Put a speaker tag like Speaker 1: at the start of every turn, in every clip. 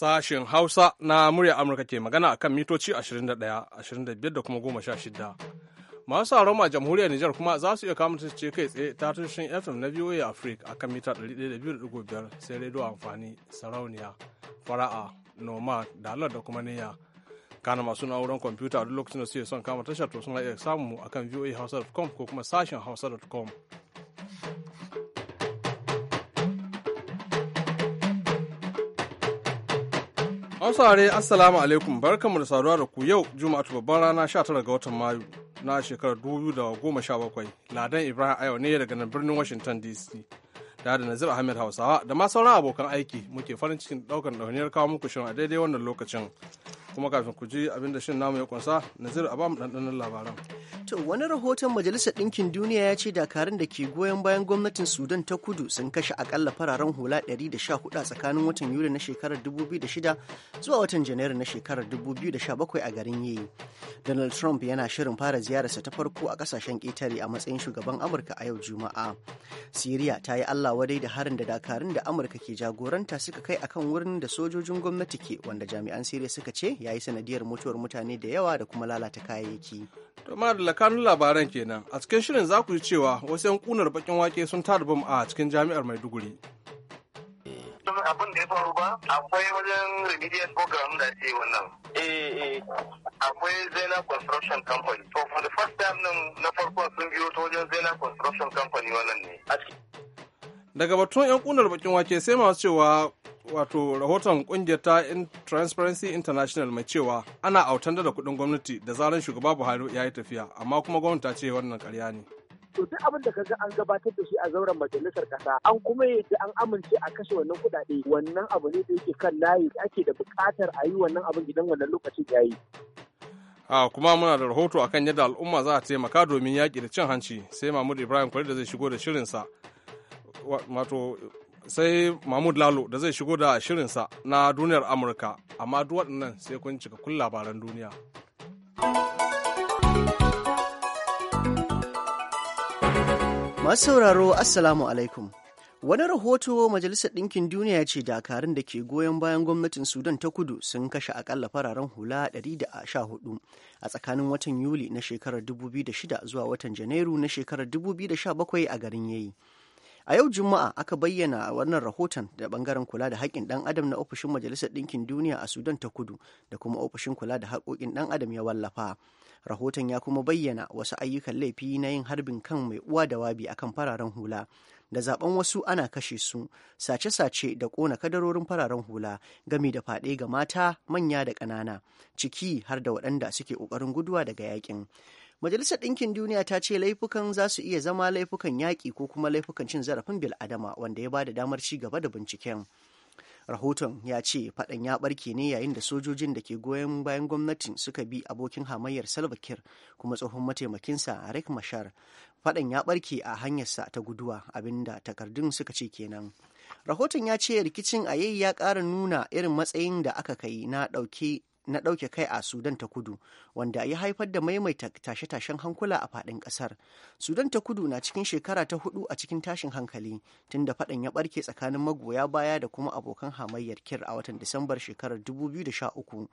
Speaker 1: sashen Hausa na murya Amurka ke magana a kan mitoci 21, 25 da kuma 16. Masu sauran a jamhuriyar Nijar kuma za su iya kamata ce kai tsaye ta tushen FM na VOA Africa a kan mita 102.5 sai rediyo amfani sarauniya, fara'a, noma, dalar da kuma niyya. Kana masu na'urar kwamfuta a duk lokacin da suke son kama tashar to suna iya samu a kan voahausa.com ko kuma sashen hausa.com. Masu Assalamu alaikum barkanmu da saduwa da ku yau Juma'atu babban rana 19 ga watan Mayu na shekarar 2017 Ladan Ibrahim Ayo ne daga nan birnin Washington DC. Da da Nazir Ahmed Hausawa da ma sauran abokan aiki muke farin cikin daukan ɗauniyar kawo muku shirin a daidai wannan lokacin. kuma kafin
Speaker 2: ku ji abin da shin namu ya kunsa nazir a bamu ɗanɗanon labaran. To wani rahoton Majalisar Ɗinkin Duniya ya ce dakarun da ke goyon bayan gwamnatin Sudan ta kudu sun kashe akalla fararen hula 114 a tsakanin watan Yuli na shekarar 2006 zuwa watan Janairu na shekarar 2017 a garin Yeyi. Donald Trump yana shirin fara ziyararsa ta farko a kasashen ƙetare a matsayin shugaban Amurka a yau Juma'a. Siriya ta yi Allah wadai da harin da dakarun da Amurka ke jagoranta suka kai akan wurin da sojojin gwamnati ke wanda jami'an Siriya suka ce ya ya yi sanadiyar mutuwar mutane da yawa da kuma lalata kayayyaki.
Speaker 1: To da lakanun labaran kenan a cikin shirin za ku ji cewa wasu 'yan'kunar kunar bakin wake sun tada bam a cikin jami'ar Maiduguri. abin
Speaker 3: da ya faru ba akwai wajen remedial program da ce wannan eh, eh. akwai zena construction company to for the first time nan na farko sun biyo ta wajen zena construction company wannan ne
Speaker 1: daga batun 'yan kunar bakin wake sai masu cewa wato rahoton kungiyar ta transparency international mai cewa ana autan da kudin gwamnati da zaran shugaba buhari ya yi tafiya amma kuma gwamnati ta ce wannan karya ne
Speaker 4: to duk abin da kaga an gabatar da shi a zauren majalisar kasa an kuma yadda an amince a kashe wannan kuɗaɗe wannan abu ne da yake kan layi ake da bukatar a yi wannan abin idan wannan lokaci
Speaker 1: ya yi a kuma muna da rahoto akan yadda al'umma za a taimaka domin yaƙi da cin hanci sai mahmud ibrahim kwari da zai shigo da shirinsa wato sai mahmud lalo da zai shigo da shirinsa na duniyar amurka amma duk waɗannan sai kun cika kun
Speaker 2: labaran duniya masu sauraro assalamu alaikum wani rahoto majalisar ɗinkin duniya ya ce dakarun da ke goyon bayan gwamnatin sudan ta kudu sun kashe akalla fararen hula 114 a tsakanin watan yuli na shekarar 2006 zuwa watan janairu na shekarar 2017 a garin yayi a yau juma'a aka bayyana wannan rahoton da bangaren kula da haƙƙin ɗan adam na ofishin majalisar ɗinkin duniya a sudan ta kudu da kuma ofishin kula da haƙoƙin ɗan adam ya wallafa rahoton ya kuma bayyana wasu ayyukan laifi na yin harbin kan mai uwa da wabi akan fararen hula da zaben wasu ana kashe su sace-sace da kona kadarorin fararen hula gami da faɗe ga mata manya da ƙanana ciki har da waɗanda suke ƙoƙarin guduwa daga yakin Majalisar Ɗinkin Duniya ta ce laifukan za su iya zama laifukan yaƙi ko kuma laifukan cin zarafin bil'adama wanda ya ba da damar ci gaba da binciken. Rahoton ya ce faɗan ya ɓarke ne yayin da sojojin da ke goyon bayan gwamnatin suka bi abokin hamayyar Salva Kiir kuma tsohon mataimakinsa Riek Mashar. Faɗan ya ɓarke a hanyarsa ta guduwa abinda takardun suka ce kenan. rahoton ya ce rikicin a yayi ya ƙara nuna irin matsayin da aka kai na ɗauke na ɗauke kai a sudan ta kudu wanda ya haifar da maimaita tashe-tashen hankula a faɗin ƙasar sudan ta kudu na cikin shekara ta hudu a cikin tashin hankali tun da faɗin ya ɓarke tsakanin magoya baya da kuma abokan hamayyar kir a watan disambar shekarar 2013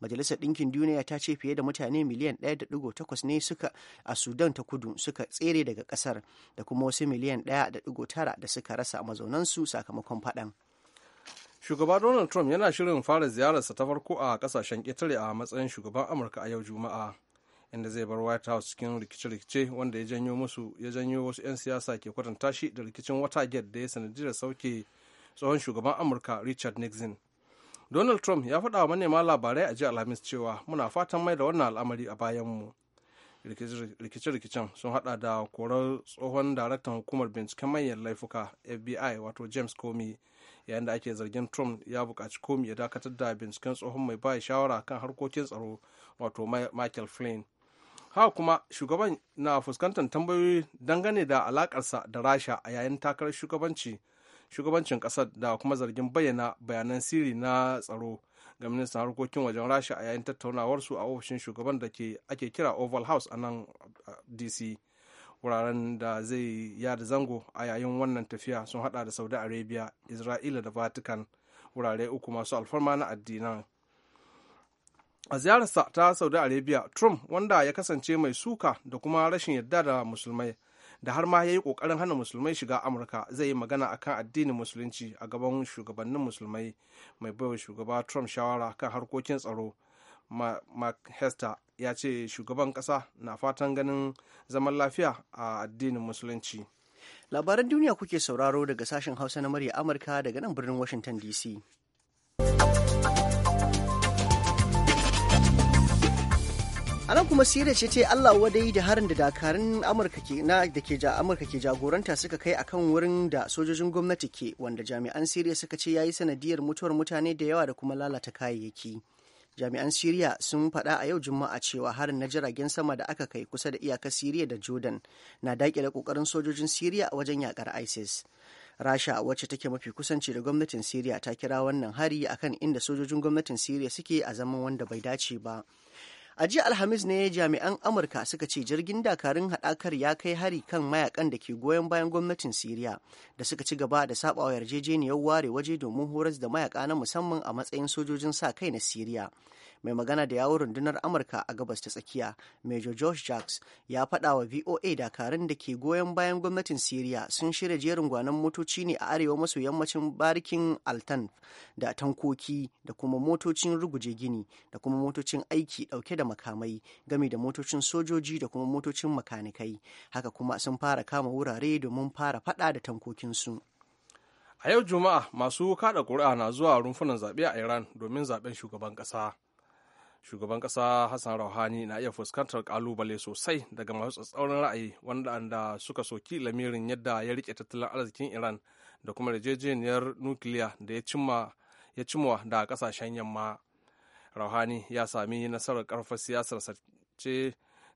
Speaker 2: majalisar ɗinkin duniya ta ce fiye da mutane miliyan 1.8 ne suka a sudan ta kudu suka tsere daga ƙasar da kuma wasu miliyan ɗaya da tara da suka rasa mazaunansu sakamakon faɗan
Speaker 1: shugaba donald trump yana shirin fara ziyararsa ta farko a kasashen ƙetare a matsayin shugaban amurka a yau juma'a inda zai bar white house cikin rikice-rikice wanda ya janyo musu ya janyo wasu 'yan siyasa ke kwatanta shi da rikicin watergate da ya sanadiyar sauke tsohon shugaban amurka richard nixon donald trump ya faɗa wa manema labarai a jiya alhamis cewa muna fatan mai da wannan al'amari a bayanmu rikice-rikicen sun hada da korar tsohon daraktan hukumar binciken manyan laifuka fbi wato james comey yayin da ake zargin trump ya buƙaci komi ya dakatar da binciken tsohon mai ba shawara kan harkokin tsaro wato michael flynn haka kuma shugaban na fuskantar tambayoyi dangane da alakarsa da rasha a yayin takarar shugabanci shugabancin kasar da kuma zargin bayyana bayanan sirri na tsaro ga ministan harkokin wajen rasha a yayin tattaunawarsu a ofishin shugaban da ake kira oval house a nan dc wuraren da zai yada zango a yayin wannan tafiya sun hada da saudi arabia isra'ila da vatican wurare uku masu alfarma na addinan a ziyararsa ta saudi arabia trump wanda ya kasance mai suka da kuma rashin yarda da musulmai da har ma ya yi kokarin hana musulmai shiga amurka zai yi magana akan addinin musulunci a gaban shugabannin musulmai mai baiwa shugaba trump shawara kan harkokin tsaro mark hester ya ce shugaban kasa na fatan ganin zaman lafiya a
Speaker 2: addinin musulunci labaran duniya kuke sauraro daga sashen hausa na murya amurka daga nan birnin washington dc a nan kuma siriya ce ce allah wadai da harin da dakarun amurka ke amurka ke jagoranta suka kai akan wurin da sojojin gwamnati ke wanda jami'an siriya suka ce ya yi sanadiyar mutuwar mutane da yawa da kuma lalata kayayyaki jami'an siriya sun faɗa a yau juma'a cewa harin na jiragen sama da aka kai kusa da iyakar siriya da jordan na daƙile ƙoƙarin sojojin siriya a wajen yakar isis rasha wacce take mafi kusanci da gwamnatin siriya ta kira wannan hari akan inda sojojin gwamnatin siriya suke a zaman wanda bai dace ba A jiya Alhamis ne jami'an Amurka suka ce jirgin dakarun haɗakar ya kai hari kan mayakan da ke goyon bayan gwamnatin Siriya da suka ci gaba da saɓawa yarjejeniyar ware waje domin horas da mayaka na musamman a matsayin sojojin sa kai na Siriya. mai magana da yawon rundunar amurka a gabas ta tsakiya major josh jacks ya faɗa wa voa dakarun da ke goyon bayan gwamnatin syria sun shirya jerin gwanon motoci ne a arewa maso yammacin barikin altan da tankoki da kuma motocin ruguje gini da kuma motocin aiki ɗauke da makamai gami da motocin sojoji da kuma motocin makanikai haka kuma sun fara kama wurare domin fara faɗa da tankokinsu. A yau Juma'a
Speaker 1: masu kada ƙuri'a na zuwa rumfunan zaɓe a Iran domin zaɓen shugaban ƙasa. shugaban ƙasa hassan rauhani na iya fuskantar kalubale sosai daga masu tsatsauran ra'ayi wanda suka soki lamirin yadda ya rike tattalin arzikin iran da kuma yarjejeniyar nukiliya da ya cimma da kasashen yamma rauhani ya sami nasarar karfar siyasar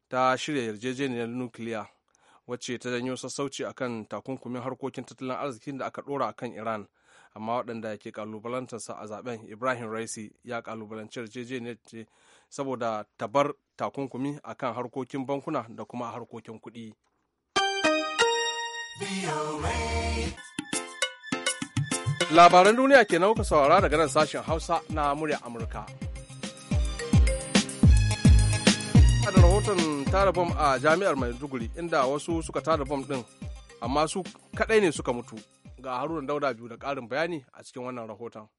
Speaker 1: ta shirya yarjejeniyar nukiliya wacce ta janyo sassauci akan takunkumin harkokin tattalin arzikin da aka dora akan iran amma waɗanda ke sa a zaben ibrahim raisi ya kalubalanci yarjejeniyar ce saboda tabar takunkumi a kan harkokin bankuna da kuma harkokin kuɗi. labaran duniya ke nauka saurara daga nan sashen hausa na murya amurka da rahoton tara bom a jami'ar maiduguri inda wasu suka tara bom din amma su kadai ne suka mutu ga haruna dauda biyu da ƙarin bayani a cikin wannan rahoton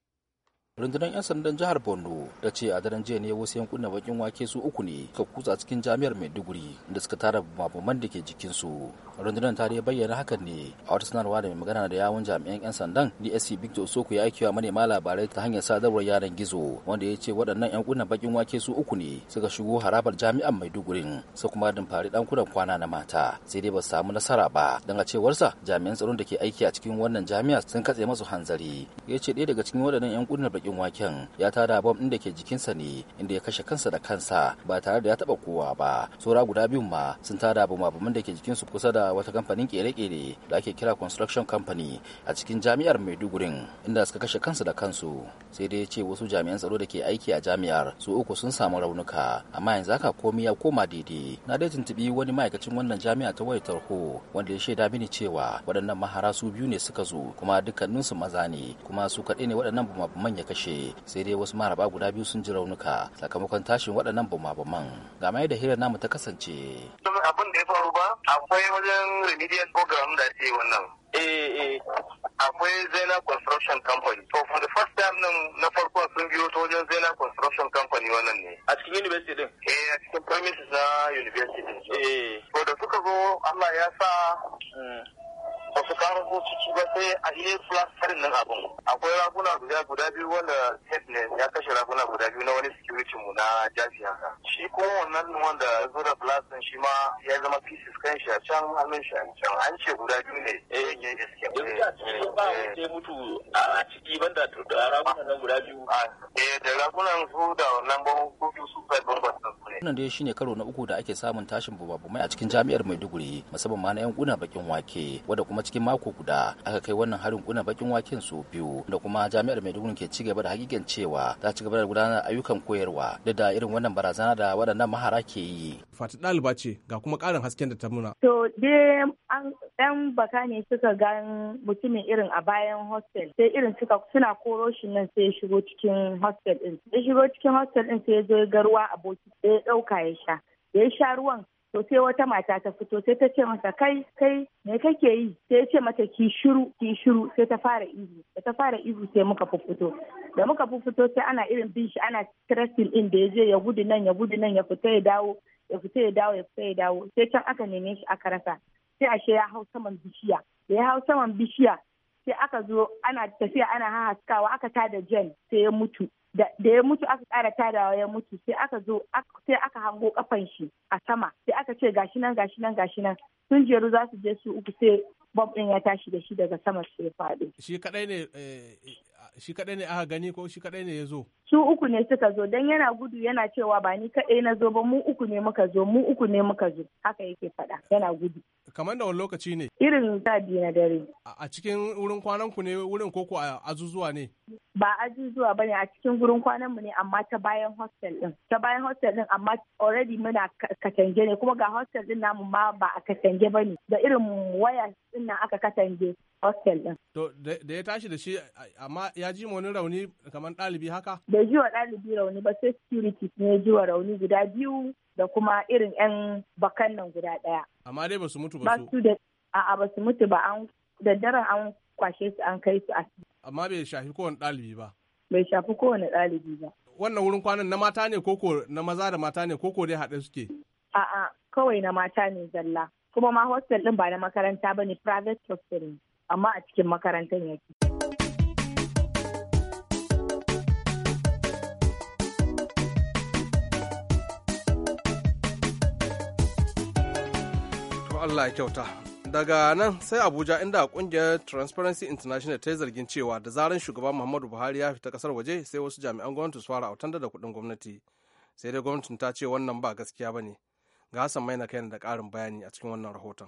Speaker 5: rundunar 'yan sandan jihar borno ta ce a daren jiya ne wasu yankunan bakin wake su uku ne suka kutsa cikin jami'ar maiduguri da suka tara mabuman da ke jikinsu rundunar ta dai bayyana hakan ne a wata sanarwa da mai magana da yawun jami'an 'yan sandan dsc victor soko ya aiki wa manema labarai ta hanyar sadarwar yaran gizo wanda ya ce waɗannan yan yankunan bakin wake su uku ne suka shigo harabar jami'ar maidugurin su kuma fari ɗankunan kwana na mata sai dai ba su samu nasara ba don a cewarsa jami'an tsaron da ke aiki a cikin wannan jami'a sun katse masu hanzari ya ce ɗaya daga cikin waɗannan yankunan bakin bakin waken ya tada bom ɗin da ke jikinsa ne inda ya kashe kansa da kansa ba tare da ya taba kowa ba saura guda biyun ma sun tada bomin da ke jikinsu kusa da wata kamfanin kere-kere da ake kira construction company a cikin jami'ar maidugurin inda suka kashe kansa da kansu sai dai ce wasu jami'an tsaro da ke aiki a jami'ar su uku sun samu raunuka amma yanzu haka komai ya koma daidai na dai tuntubi wani ma'aikacin wannan jami'a ta wayar tarho wanda ya shaida mini cewa waɗannan mahara su biyu ne suka zo kuma dukkaninsu maza ne kuma su kaɗai ne waɗannan bumabuman ya kashe kashe sai dai wasu maraba guda biyu sun ji raunuka sakamakon tashin waɗannan bama-baman ga mai da hirar namu ta kasance. abin da ya faru
Speaker 3: ba akwai wajen remedial program da ce wannan eh, eh. akwai Zena Construction Company. To for the first time nan na farko sun biyo ta wajen Zena Construction Company wannan ne. A cikin university din? Eh, a cikin premises na university. Eh. To da suka zo Allah ya sa mm. ba su kama ko ciki ba sai a iya plastarin nan abin akwai raguna guda guda biyu wanda head ne ya kashe raguna guda biyu na wani security mu na jafi haka shi ko wannan wanda ya zo da plastin shi ma ya zama pieces kan shi a can
Speaker 4: hannun shi a can an ce guda biyu ne eh, eh, eh, eh ya iske ba ce mutu a ciki banda da ragunan nan guda biyu ah, eh da ragunan su da wannan
Speaker 5: Wannan dai shine karo na uku da ake samun tashin bumabumai a cikin jami'ar Maiduguri musamman ma na yan kuna bakin wake wanda kuma cikin mako guda aka kai wannan harin kuna bakin waken su biyu da kuma jami'ar Maiduguri ke ci gaba da hakikan cewa za ci gaba da gudanar ayyukan koyarwa da da irin wannan
Speaker 1: barazana da waɗannan mahara ke yi. Fati ɗaliba ce ga kuma ƙarin hasken da ta muna. To dai
Speaker 6: an 'yan baka ne suka gan mutumin irin a bayan hostel sai irin suka suna koro shi nan sai ya shigo cikin hostel din ya shigo cikin hostel din sai ya zo ga ruwa a bokiti sai ya ɗauka ya sha ya ya sha ruwan to sai wata mata ta fito sai ta ce masa kai kai me kake yi sai ya ce mata ki shiru ki shiru sai ta fara ihu da ta fara ihu sai muka fito da muka fito sai ana irin bin shi ana stressing ɗin. da ya je ya gudu nan ya gudu nan ya fita ya dawo ya fita ya dawo ya fita ya dawo sai can aka neme shi aka rasa sai ashe ya hau saman bishiya da ya hau saman bishiya sai aka zo ana tafiya ana hahaskawa aka tada jen sai ya mutu da ya mutu aka ƙara tadawa ya mutu sai aka zo sai aka hango kafan shi a sama sai aka ce gashi nan gashi nan gashi nan sun jeru za su je su uku sai bom ɗin ya tashi da shi daga sama sai ya faɗo.
Speaker 1: Shi kadai ne eh, shi kaɗai ne aka gani ko shi kaɗai ne ya zo?
Speaker 6: Su uku ne suka zo don yana gudu yana cewa ba ni kaɗai na zo ba mu uku ne muka zo mu uku ne muka zo haka yake faɗa yana gudu.
Speaker 1: Kamar da wani lokaci ne?
Speaker 6: Irin sadi na dare.
Speaker 1: A cikin wurin kwanan ku ne wurin koko a azuzuwa ne?
Speaker 6: Ba azuzuwa ba ne a cikin wurin kwanan mu ne amma ta bayan hostel din. Ta bayan hostel din amma already muna katange ne kuma ga hostel din namu ma ba a katange ba ne da irin waya din nan aka katange hostel din.
Speaker 1: To da ya tashi da shi amma ya ya ji wani rauni kamar ɗalibi haka? Bai ji
Speaker 6: wa ɗalibi rauni ba sai security ne ji wa rauni guda biyu da kuma irin 'yan bakan nan guda ɗaya.
Speaker 1: Amma dai ba su mutu ba su.
Speaker 6: A'a ba su mutu ba an da daren an kwashe su an kai su asibiti.
Speaker 1: Amma bai shafi kowane ɗalibi ba.
Speaker 6: Bai shafi kowane ɗalibi ba.
Speaker 1: Wannan wurin kwanan na mata ne koko na maza da mata ne koko dai haɗe suke?
Speaker 6: A'a kawai na mata ne zalla. Kuma ma hostel ɗin ba na makaranta ba ne private hostel ne. Amma a cikin makarantar yake.
Speaker 1: Allah ya kyauta. Daga nan sai Abuja inda kungiyar Transparency International ta yi zargin cewa da zaran shugaban Muhammadu Buhari ya fita kasar waje sai wasu jami'an gwamnati su fara autan da kuɗin gwamnati. Sai dai gwamnatin ta ce wannan ba gaskiya ba ne. Ga Hassan Maina kai da ƙarin bayani a cikin wannan rahoton.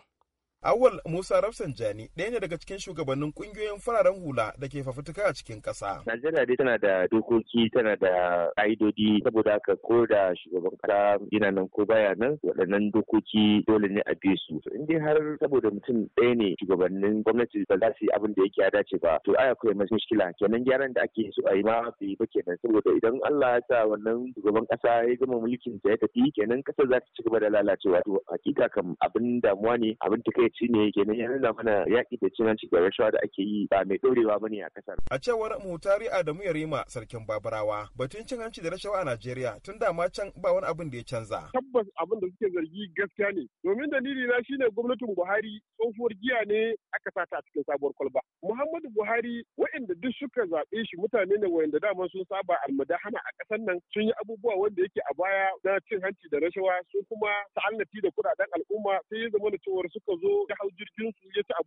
Speaker 1: Awal Musa Rafsanjani ɗaya ne daga cikin shugabannin ƙungiyoyin fararen hula da ke fafutuka a
Speaker 7: cikin ƙasa.
Speaker 4: Najeriya dai tana da dokoki tana da ƙa'idodi saboda haka ko da shugaban ƙasa yana nan ko baya nan waɗannan dokoki dole ne a bi su. In dai har saboda mutum ɗaya ne shugabannin gwamnati ba za su yi abin da yake a dace ba to ai akwai mai mushkila kenan gyaran da ake so a yi ma su yi ba kenan saboda idan Allah ya sa wannan shugaban ƙasa ya gama mulkin sa ya tafi kenan ƙasar za ta ci gaba da lalacewa to hakika kam abin damuwa ne abin ta kai matsakaici ne yake nan yanzu da mana yaƙi da cin hanci da rashawa da ake yi ba mai ɗorewa ba ne a ƙasar. A cewar
Speaker 7: Mutari Adamu Yarima sarkin Babarawa batun cin hanci da rashawa a Najeriya tun da ma can
Speaker 4: ba wani abin da ya canza. Tabbas abin da kuke zargi gaskiya ne domin dalili na shine gwamnatin Buhari tsohuwar giya ne aka sata a cikin sabuwar kwalba. Muhammadu Buhari waɗanda duk suka zaɓe shi mutane ne waɗanda dama sun saba hana a ƙasar nan sun yi abubuwa wanda yake a baya na cin hanci da rashawa su kuma ta'annafi da kuɗaɗen al'umma sai ya zama da cewar suka zo وكيحاولوا يركنوا شويه تاع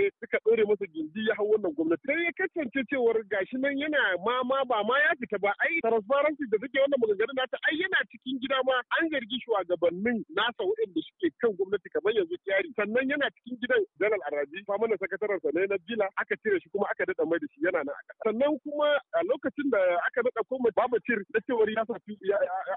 Speaker 4: zaɓe suka ɗore masa gindi ya hau wannan gwamnati sai ya kasance cewar gashi nan yana ma ma ba ma ya fita ba ai transparency da suke wannan maganganun nata ai yana cikin gida ma an zargi shugabannin nasa waɗanda suke kan gwamnati kamar yanzu kyari sannan yana cikin gidan janar arabi na sakataren sa ne na bila aka cire shi kuma aka daɗa mai da shi yana nan a sannan kuma a lokacin da aka daɗa koma cir da cewar ya safi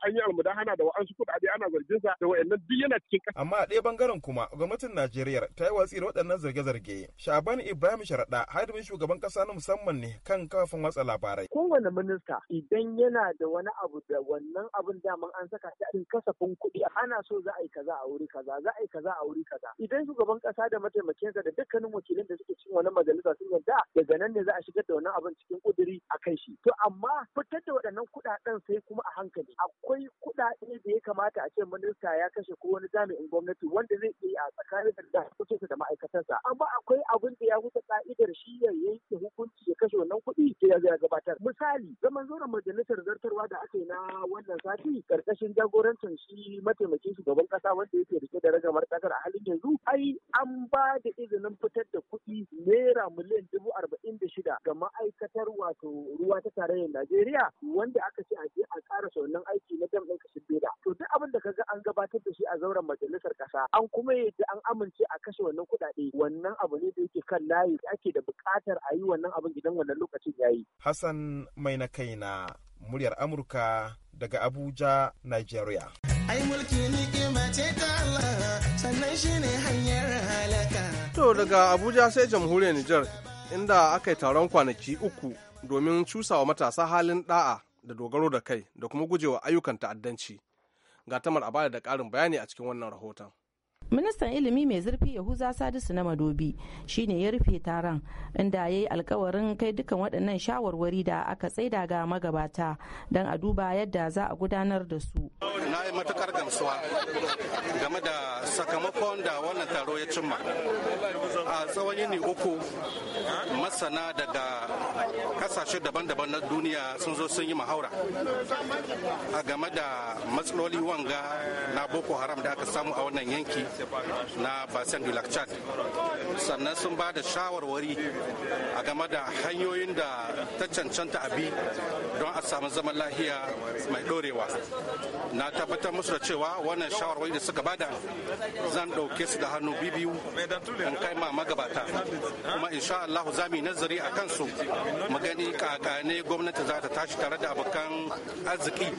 Speaker 4: an yi hana da wa'ansu kuɗaɗe ana zargin sa da wa'annan duk yana cikin
Speaker 7: ƙasa. amma a ɗaya bangaren kuma gwamnatin najeriya ta yi watsi da waɗannan zarge-zarge Shaban Ibrahim Sharaɗa hadimin shugaban ƙasa na musamman ne kan kafin watsa labarai.
Speaker 4: Kowane minista idan yana da wani abu da wannan abun daman an saka shi a cikin kasafin kuɗi ana so za a yi kaza a wuri kaza za a yi kaza a wuri kaza. Idan shugaban ƙasa da mataimakinsa da dukkanin wakilin da suke cikin wani majalisa sun yarda daga nan ne za a shigar da wannan abin cikin ƙuduri a kai shi. To amma fitar da waɗannan kuɗaɗen sai kuma a hankali. Akwai kuɗaɗe da ya kamata a ce minista ya kashe ko wani jami'in gwamnati wanda zai iya a tsakanin da da ma'aikatansa. Amma akwai abin da ya wuce ka'idar shi ya yanke hukunci ya kashe wannan kuɗi sai ya zai gabatar misali zaman zoron majalisar zartarwa da aka yi na wannan sati karkashin jagorancin shi mataimakin shugaban kasa wanda yake rike da ragamar kasar a halin yanzu ai an ba da izinin fitar da kuɗi naira miliyan dubu arba'in da shida ga ma'aikatar wato ruwa ta tarayyar Najeriya wanda aka ce a je a ƙara wannan aiki na dam kashin beda. To duk abin da kaga an gabatar da shi a zauren majalisar ƙasa an kuma yadda an amince a kashe wannan kuɗaɗe wannan abu ne da yake kan layi ake da bukatar a yi wannan abin idan wannan lokacin yayi?
Speaker 7: Hassan mai na kai na muryar Amurka daga
Speaker 1: Abuja, Nigeria.
Speaker 8: Ai mulki ni'ima ce ta Allah sannan shi ne hanyar
Speaker 1: halaka. To daga Abuja sai jamhuriyar Nijar inda aka yi taron kwanaki uku domin cusawa matasa halin da'a da dogaro da kai da kuma gujewa ayyukan ta'addanci. gatamar a a da ƙarin bayani a cikin wannan rahoton. ministan ilimi
Speaker 6: mai zurfi yahuza sadisu na madobi shine ya rufe taron inda ya yi alkawarin kai dukan waɗannan shawarwari da aka tsaida ga magabata don a duba yadda za a gudanar da su
Speaker 8: na yi matukar gamsuwa game da sakamakon da wannan taro ya cimma a tsawon yini uku masana daga kasashe daban-daban na duniya sun zo sun yi mahaura a game da matsaloli wanga na boko haram da aka samu a wannan yanki na basen du lac sannan sun ba da shawarwari a game da hanyoyin da ta cancanta abi don a samu zaman lahiya mai dorewa na tabbatar musu da cewa wannan shawarwari da suka bada zan ɗauke su da hannu bibiyu in kai ma magabata kuma insha Allah za mu yi nazari a kansu mu gani kakane gwamnati za ta tashi tare da abokan arziki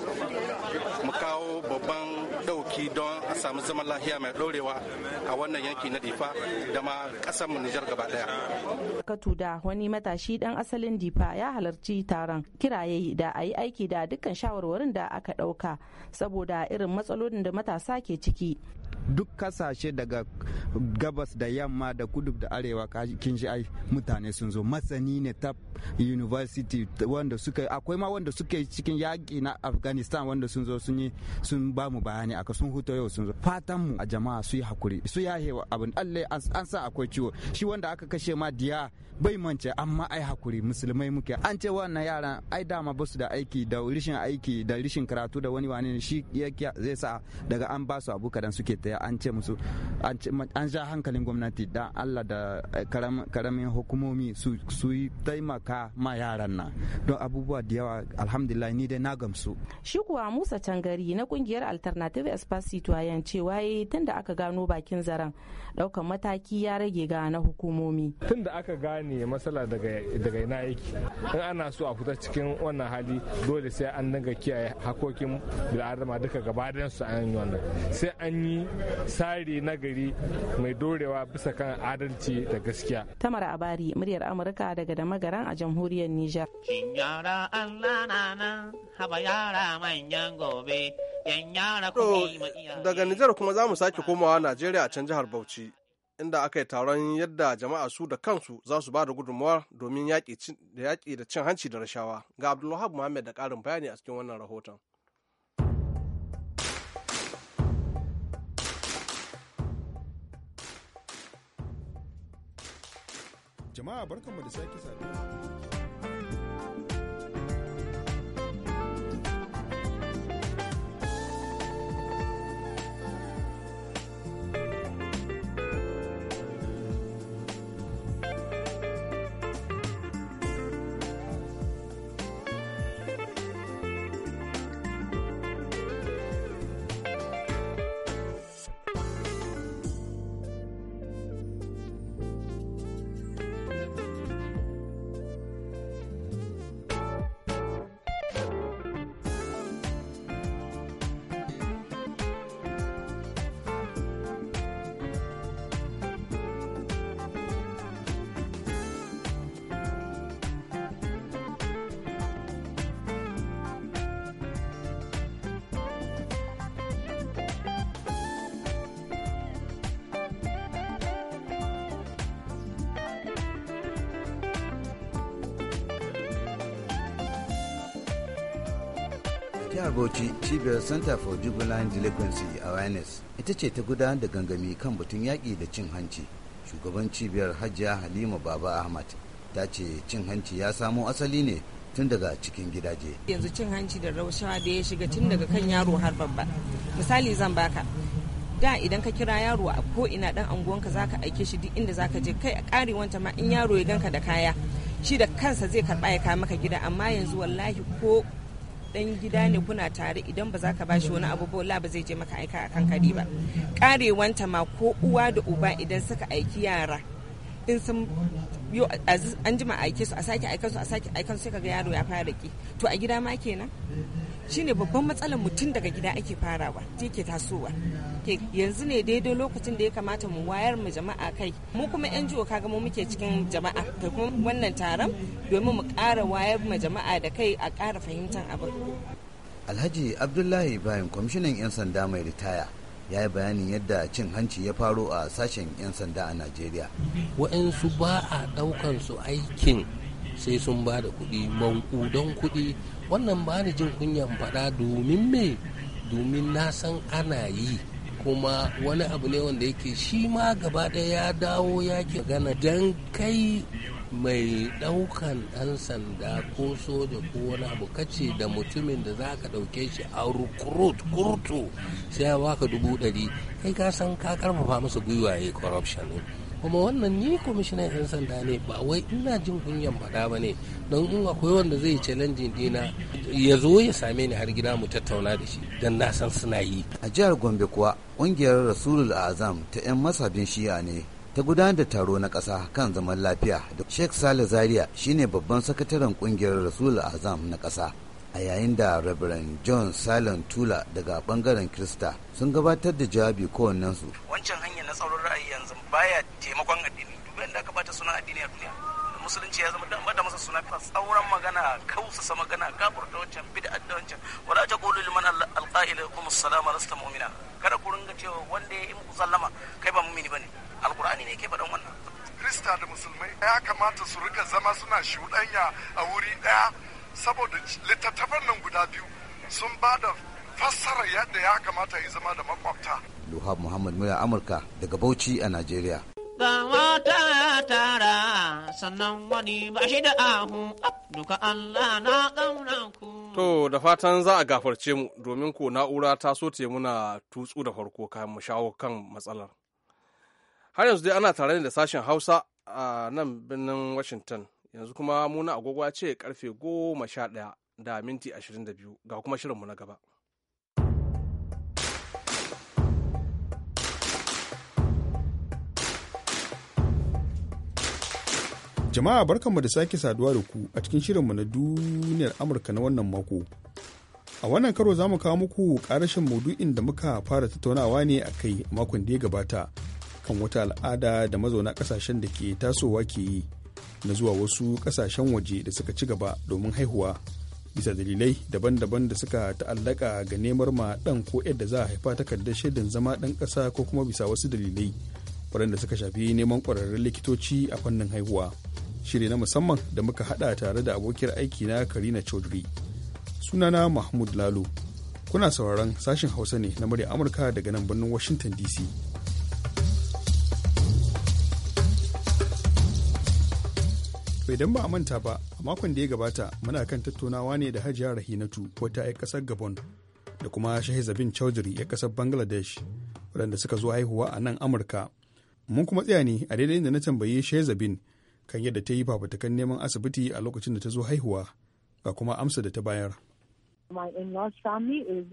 Speaker 8: mu kawo babban ɗauki don a samu zaman lahiya mai ɗorewa a wannan yanki na difa da ma ƙasar mu Nijar gaba ɗaya.
Speaker 6: da wani matashi ɗan asalin difa ya halarci taron kiraye da a yi aiki da dukkan shawarwarin da aka ɗauka saboda irin matsalolin da matasa ke ciki.
Speaker 3: duk kasashe daga
Speaker 7: gabas da yamma da kudu da arewa kin ji ai mutane sun zo masani ne ta university wanda suka akwai ma wanda suka cikin yaƙi na afghanistan wanda sun zo sun yi sun ba mu bayani aka sun huto yau sun zo fatan mu a jama'a su yi hakuri su ya hewa abin alle an sa akwai ciwo shi wanda aka kashe ma diya bai mance amma ai hakuri musulmai muke an ce wannan yaran ai dama ba su da aiki da rishin aiki da rishin karatu da wani wani shi zai sa daga an ba su abu kadan suke da an ce musu an ja hankalin gwamnati dan Allah da eh, karamin hukumomi su yi taimaka ma yaran nan don abubuwa da yawa alhamdulillah ni dai na gamsu
Speaker 6: shi kuwa Musa Cangari na kungiyar Alternative Espacito yayin cewa yayi tunda aka gano bakin zaren daukan mataki ya rage ga na hukumomi
Speaker 7: tunda aka gane matsala daga daga ina
Speaker 1: yake in ana so a fita cikin wannan hali dole sai an dinga kiyaye hakokin bil'adama duka gaba su an yi wannan sai an yi sari tsari na gari mai dorewa bisa kan adalci da gaskiya.
Speaker 6: Tamar Abari, muryar Amurka daga da magaran a
Speaker 1: jamhuriyar Nijar.
Speaker 2: Kin Allah na nan, haba yara manyan gobe, yan yara kuma Daga
Speaker 1: Nijar kuma za mu sake komawa Najeriya a can jihar Bauchi. Inda aka yi taron yadda jama'a su da kansu za su ba da gudunmawar domin yaƙi da cin hanci da rashawa. Ga Abdullahi Muhammad da ƙarin bayani a cikin wannan rahoton.
Speaker 7: Jama'a barkanmu da sake saduwa.
Speaker 3: jihar bauchi cibiyar center for juvenile delinquency awareness ita ce ta gudanar da gangami kan batun yaƙi da cin hanci shugaban cibiyar hajiya halima baba ahmad ta ce cin hanci ya samo asali ne tun daga cikin gidaje
Speaker 6: yanzu cin hanci da raushawa da ya shiga tun daga kan yaro har babba misali zan baka da idan ka kira yaro a ko ina dan anguwanka zaka aike shi duk inda za ka je kai a kare wanta ma in yaro ya ganka da kaya shi da kansa zai karɓa ya kawo maka gida amma yanzu wallahi ko dan gida ne kuna tare idan ba za ka bashi wani abu ba la ba zai je maka aika kan kari ba karewanta ma ko uwa da uba idan suka aiki yara in sun an jima aike su a sake aikan su a sake aikan su sai yaro ya fara ki to a gida ma kenan shine babban matsalar mutum daga gida ake farawa ke tasowa yanzu ne daidai lokacin da ya kamata mu wayar mu jama'a kai mu kuma yan jiwo kaga mu muke cikin jama'a da kuma wannan taron domin mu ƙara wayar mu jama'a da kai a ƙara fahimtar abin
Speaker 3: alhaji abdullahi bayan kwamishinan 'yan sanda mai ritaya ya yi bayanin yadda cin hanci ya faro a sashen 'yan sanda a najeriya
Speaker 5: Waɗansu ba a ɗaukansu
Speaker 3: aikin sai
Speaker 5: sun ba da kuɗi manƙudan kuɗi wannan ba ni jin kunyan faɗa domin me domin na san ana yi kuma wani abu ne wanda yake shi ma gaba ɗaya ya dawo ya gana don kai mai ɗaukan ɗan sanda ko soja ko wani abu kace da mutumin da za ka ɗauke shi a rukurut kurtu sai ya baka dubu ɗari kai ka san ka karfafa masa gwiwaye corruption kuma wannan ni kwamishinan 'yan sanda ne ba wai ina jin kunyan faɗa ba ne don in akwai wanda zai challenge dina ya zo ya same ni har gida mu tattauna da shi
Speaker 8: don na san suna yi
Speaker 3: a jihar gombe kuwa ƙungiyar rasulul azam ta 'yan masabin shi'a ne ta gudanar da taro na ƙasa kan zaman lafiya da sheikh sale zaria shine babban sakataren ƙungiyar rasulul azam na ƙasa a yayin da Reverend John Silent Tula daga bangaren Krista sun gabatar da jawabi kowannensu. Wancan hanyar na tsaron ra'ayi
Speaker 4: baya taimakon addini duk da aka bata suna addini a duniya musulunci ya zama damba da masa suna fa tsauran magana kausasa magana kafir da wancan bid'a da wancan wala qulu liman alqa'ila qum assalamu lasta mu'mina kada ku ringa cewa wanda ya yi muku sallama kai ba mu'mini bane
Speaker 8: alqur'ani ne ba dan wannan krista da musulmai ya kamata su rika zama suna shuɗanya a wuri daya saboda littattafan nan guda biyu sun ba da
Speaker 2: fassara yadda ya kamata ya zama da makwabta
Speaker 3: al-luha Muhammad Mura Amurka daga Bauchi a Najeriya.
Speaker 2: Ga tara sannan wani ba da ahu duka Allah na ƙauna ku.
Speaker 1: To da fatan za a gafarce mu domin ko na'ura ta so te muna tutsu da farko kayan mu shawo kan matsalar. Har yanzu dai ana tare da sashen Hausa a nan birnin Washington yanzu kuma muna agogo ce karfe goma sha ɗaya da minti ashirin da biyu ga kuma shirinmu na gaba.
Speaker 7: Jama'a barkanmu da sake saduwa da ku a cikin shirinmu na duniyar Amurka na wannan mako. A wannan karo za mu kawo muku karashin maudu'in da muka fara tattaunawa ne a kai makon da ya gabata kan wata al'ada da mazauna kasashen da ke tasowa ke yi na zuwa wasu kasashen waje da suka ci gaba domin haihuwa bisa dalilai daban-daban da suka ta'allaka ga nemar ma ɗan ko yadda za a haifa takardar shaidan zama ɗan ƙasa ko kuma bisa wasu dalilai waɗanda suka shafi neman ƙwararrun likitoci a fannin haihuwa. shiri na musamman da muka hada tare da abokiyar aiki na Karina Chaudhry. Sunana Mahmud Lalo. Kuna sauraron sashen Hausa ne na murya Amurka daga nan birnin Washington DC. idan ba a manta ba a makon da ya gabata muna kan tattaunawa ne da hajiya rahinatu wata 'yan kasar gabon da kuma shahizabin chaudhry ya kasar bangladesh waɗanda suka zo haihuwa a nan amurka mun kuma tsaya ne a daidai da na tambayi shahizabin kan yadda ta yi fafutukan neman asibiti a lokacin da ta zo haihuwa ga kuma amsa da ta bayar.
Speaker 6: My in-laws family is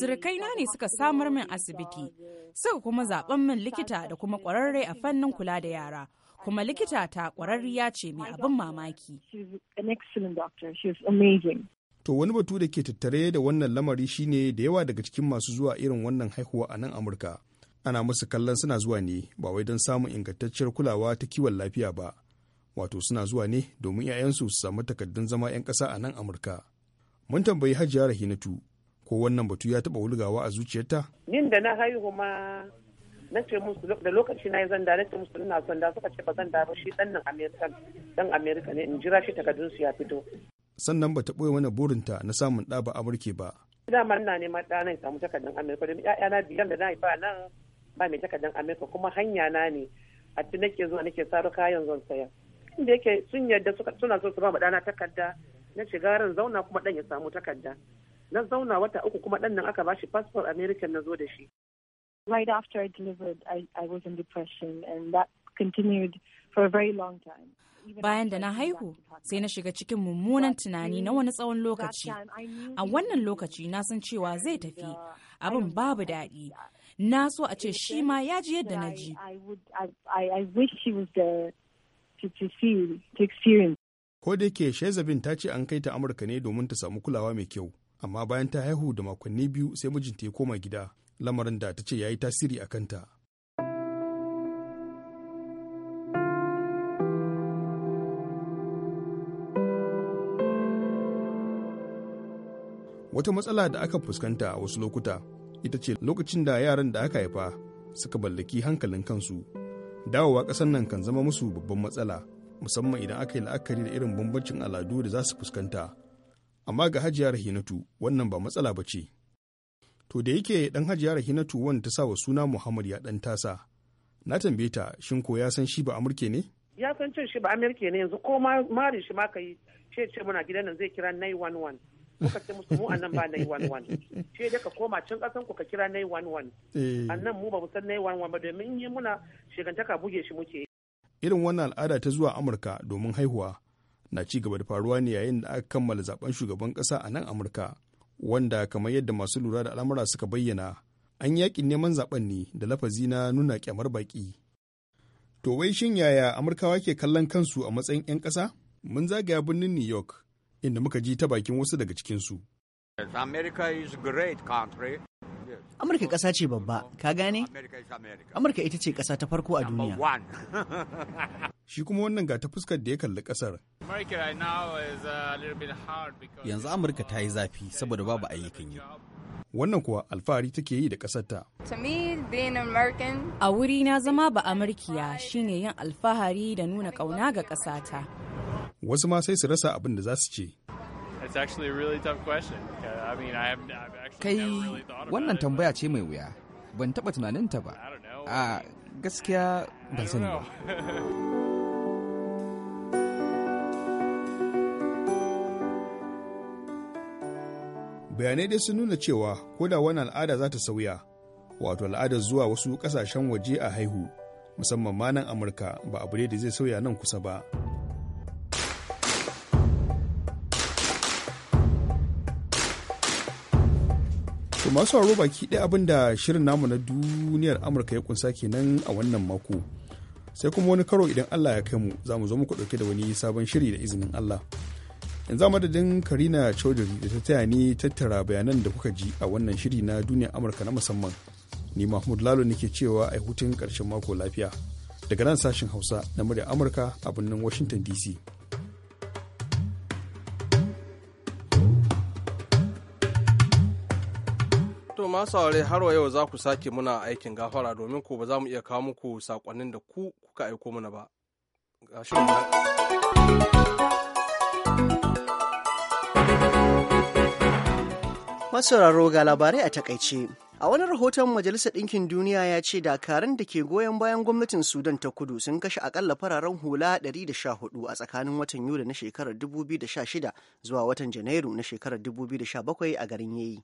Speaker 6: Surukaina ne suka samar min asibiti, suka kuma zaben min likita da kuma ƙwararre a fannin kula da yara. Kuma likita ta ƙwararriya ce mai abin mamaki.
Speaker 7: To wani batu da ke tattare da wannan lamari shine da yawa daga cikin masu zuwa irin wannan haihuwa a nan Amurka ana musu kallon suna zuwa ne ba wai don samun ingantacciyar kulawa ta kiwon lafiya ba wato suna zuwa ne domin 'ya'yansu su samu takaddun zama 'yan ƙasa a nan amurka mun tambayi hajiya rahinatu ko wannan batu ya taɓa wulgawa a zuciyarta
Speaker 4: nin da na haihu ma na ce musu da lokaci na yi zanda na ce musu ina zanda suka ce ba zanda ba shi ɗan nan amerika ɗan amerika ne in jira shi takardun su ya fito
Speaker 7: sannan ba ta ɓoye mana burinta na samun ɗa ba amurke ba
Speaker 4: dama ina neman ɗa na samu takardun amerika domin 'ya'yana biyar da na haifa nan ba mai takardar amurka kuma hanya na ne a ci nake zuwa nake saro kayan zan saya inda yake sun yarda suna so su ba mu dana takarda na shiga ran zauna kuma dan ya samu takarda na zauna wata uku kuma dan nan aka bashi passport american na zo da shi
Speaker 6: right after i delivered i i was in depression and that continued for a very long time bayan da na haihu sai na shiga cikin mummunan tunani na wani tsawon lokaci a wannan lokaci na san cewa zai tafi abin babu daɗi na so a ce shi ma ya ji yadda na ji
Speaker 7: ko da yake shezabin ta ce an kai ta amurka ne domin ta samu kulawa mai kyau amma bayan ta haihu da makonni biyu sai mijinta ya koma gida lamarin da ta ce ya yi tasiri a kanta wata matsala da aka fuskanta a wasu lokuta ita ce lokacin da yaran da aka haifa suka ballaki hankalin kansu dawowa ƙasar nan kan zama musu babban matsala musamman idan aka yi la'akari da irin bambancin al'adu da za su fuskanta amma ga hajiyar hinatu wannan ba matsala ba ce to da yake dan hajiyar hinatu wanda ta sa wa suna muhammad ya dan tasa na tambaye ta shin ko ya san shi ba amurke ne
Speaker 4: ya san cin shi ba amurke ne yanzu ko ma shi ma ka yi ce ce muna gidan nan zai kira 911 kuka ce musu mu nan ba na yi wani wani shi da ka koma can kasan ku ka kira na yi wani wani nan mu ba mu san na yi wani wani ba domin yi muna shigantaka buge shi muke
Speaker 7: irin wannan al'ada ta zuwa amurka domin haihuwa na ci gaba da faruwa ne yayin da aka kammala zaben shugaban kasa a nan amurka wanda kamar yadda masu lura da al'amura suka bayyana an yakin neman zaben ne da lafazi na nuna kyamar baki to wai shin yaya amurkawa ke kallon kansu a matsayin 'yan ƙasa mun zagaya birnin new york inda muka ji ta bakin wasu daga
Speaker 2: cikinsu. Amurka ƙasa ce babba, ka gane? Amurka ita ce ƙasa ta farko a duniya. Shi kuma
Speaker 7: wannan ga ta fuskar da ya kalli ƙasar.
Speaker 3: Uh, Yanzu
Speaker 7: Amurka ta yi zafi saboda babu ayyukan yi. Wannan kuwa alfahari take yi da ƙasar ta.
Speaker 6: A wuri na zama ba Amurkiya shine yin alfahari da nuna ƙauna ga ƙasata.
Speaker 7: wasu ma sai su rasa abin da za su ce
Speaker 8: kai
Speaker 7: wannan tambaya ce mai wuya ban taɓa
Speaker 5: tunaninta ba a gaskiya ban sani ba
Speaker 7: bayanai dai sun nuna cewa ko da wani al'ada za ta sauya wato al'adar zuwa wasu kasashen waje a haihu musamman ma nan amurka ba abu ne da zai sauya nan kusa ba To masu haro baki ɗaya abin da shirin namu na duniyar Amurka ya kunsa kenan a wannan mako. Sai kuma wani karo idan Allah ya kai mu za mu zo muku ɗauke da wani sabon shiri da izinin Allah. Yanzu a madadin Karina Chaudhary da ta taya ni tattara bayanan da kuka ji a wannan shiri na duniyar Amurka na musamman. Ni Mahmud Lalo nake cewa a hutun ƙarshen mako lafiya. Daga nan sashen Hausa na murya Amurka a birnin Washington DC.
Speaker 1: ma masu saurare har wa yau za ku sake muna aikin gafara domin ko ba za mu iya kawo muku sakonnin da ku kuka aiko mana ba.
Speaker 2: Masauraro ga labarai a takaice. A wani rahoton Majalisar Ɗinkin Duniya ya ce dakarun da ke goyon bayan gwamnatin Sudan ta kudu sun kashe akalla fararen hula 114 a tsakanin watan Yuli na shekarar 2016 zuwa watan Janairu na shekarar 2017 a garin Yeyi.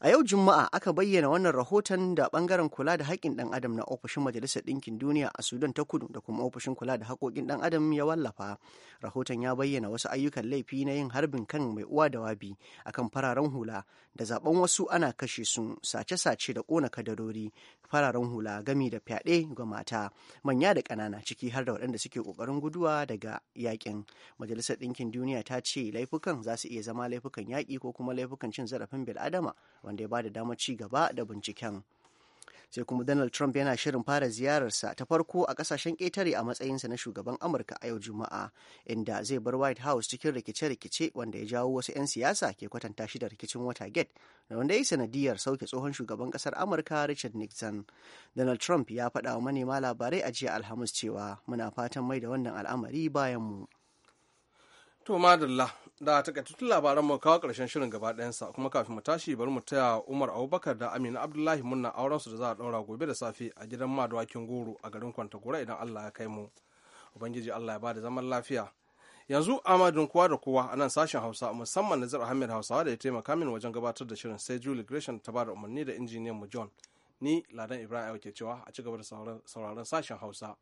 Speaker 2: A yau Juma'a aka bayyana wannan rahoton da bangaren kula da haƙƙin ɗan adam na ofishin Majalisar Ɗinkin Duniya a Sudan ta kudu da kuma ofishin kula da haƙoƙin ɗan adam ya wallafa. Rahoton ya bayyana wasu ayyukan laifi na yin harbin kan mai uwa da wabi akan fararen hula da zaben wasu ana kashe su sace ce da kona kadarori fararen hula gami da fyaɗe ga mata manya da ƙanana ciki har da waɗanda suke ƙoƙarin guduwa daga yaƙin majalisar ɗinkin duniya ta ce laifukan za su iya zama laifukan yaƙi ko kuma laifukan cin zarafin bil'adama wanda ya ba da damar ci gaba da binciken. sai kuma donald trump yana shirin fara ziyararsa ta farko a kasashen ƙetare a matsayinsa na shugaban amurka a yau juma'a inda zai bar white house cikin rikice-rikice wanda ya jawo wasu 'yan siyasa ke kwatanta shi da rikicin watergate da wanda ya yi sanadiyar sauke tsohon shugaban ƙasar amurka richard nixon donald trump ya faɗa wa manema labarai a jiya alhamis cewa muna fatan mai da wannan al'amari bayan mu
Speaker 1: To madalla da takaitattun labaran mu kawo karshen shirin gaba sa kuma kafin mu tashi bari mu taya Umar Abubakar da Amina Abdullahi munna auren su da za a ɗaura gobe da safe a gidan Madawakin Goro a garin Kwantagora idan Allah ya kai mu. Ubangiji Allah ya bada zaman lafiya. Yanzu amadun kowa da kowa a nan sashen Hausa musamman na Nazar Ahmed Hausawa da ya taimaka min wajen gabatar da shirin sai Julie Gresham ta bada umarni da injiniyan mu John. Ni Ladan Ibrahim ke cewa a ci gaba da sauraron sashen Hausa.